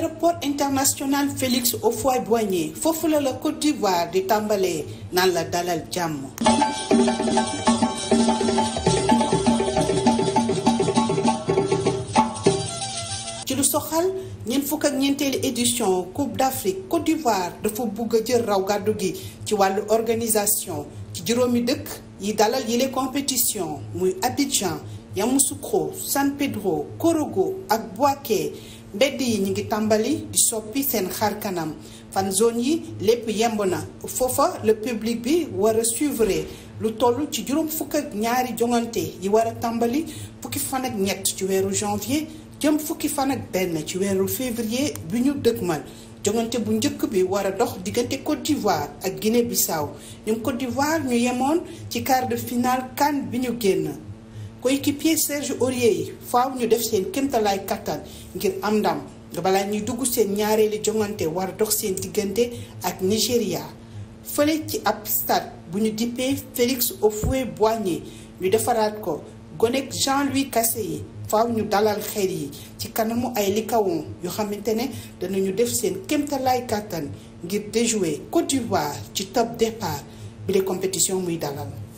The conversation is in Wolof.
aéroport international Félix Houphouët-Boigny foofu la la Côte d'Ivoire di tàmbalee la dalal jàmm. ci lu soxal ñeent édition Coupe d'Afrique Côte d'Ivoire dafa bugg a jël raw gàddu gi ci wàllu organisation ci juróomi dëkk yi dalal yile compétition muy Abidjan Yamoussoukro San Pedro Korogo ak Boaké. mbedd yi ñu ngi tàmbali di soppi seen xar kanam fan zone yi lépp yemb na foofa le public bi war a suivre lu toll ci juróom fukk ak ñaari joŋante yi war a tàmbali fukki fan ak ñett ci weeru janvier jëm fukki fan ak benn ci weeru février bi ñu dëgmal joŋante bu njëkk bi war a dox diggante Côte d'Ivoire ak Guinée Bissau ñoom Côte d'Ivoire ñu yemoon ci quart de finale CAN bi ñu génn. coéquipier Serge Aurier yi faaw ñu def seen kéemtalaay kattan ngir am ndam balaa ñuy dugg seen ñaareeli jongante war dox seen diggante ak nigeria fële ci ab stade bu ñu dippee Félix Houphouët-Boigny ñu defaraat ko gonek Jean-Louis Cassé faw ñu dalal xel yi ci kanamu ay likawon yoo xamante ne danañu def seen kéemtalaay kattan ngir déjouer Côte d'Ivoire ci top départ bi de compétition muy dalal.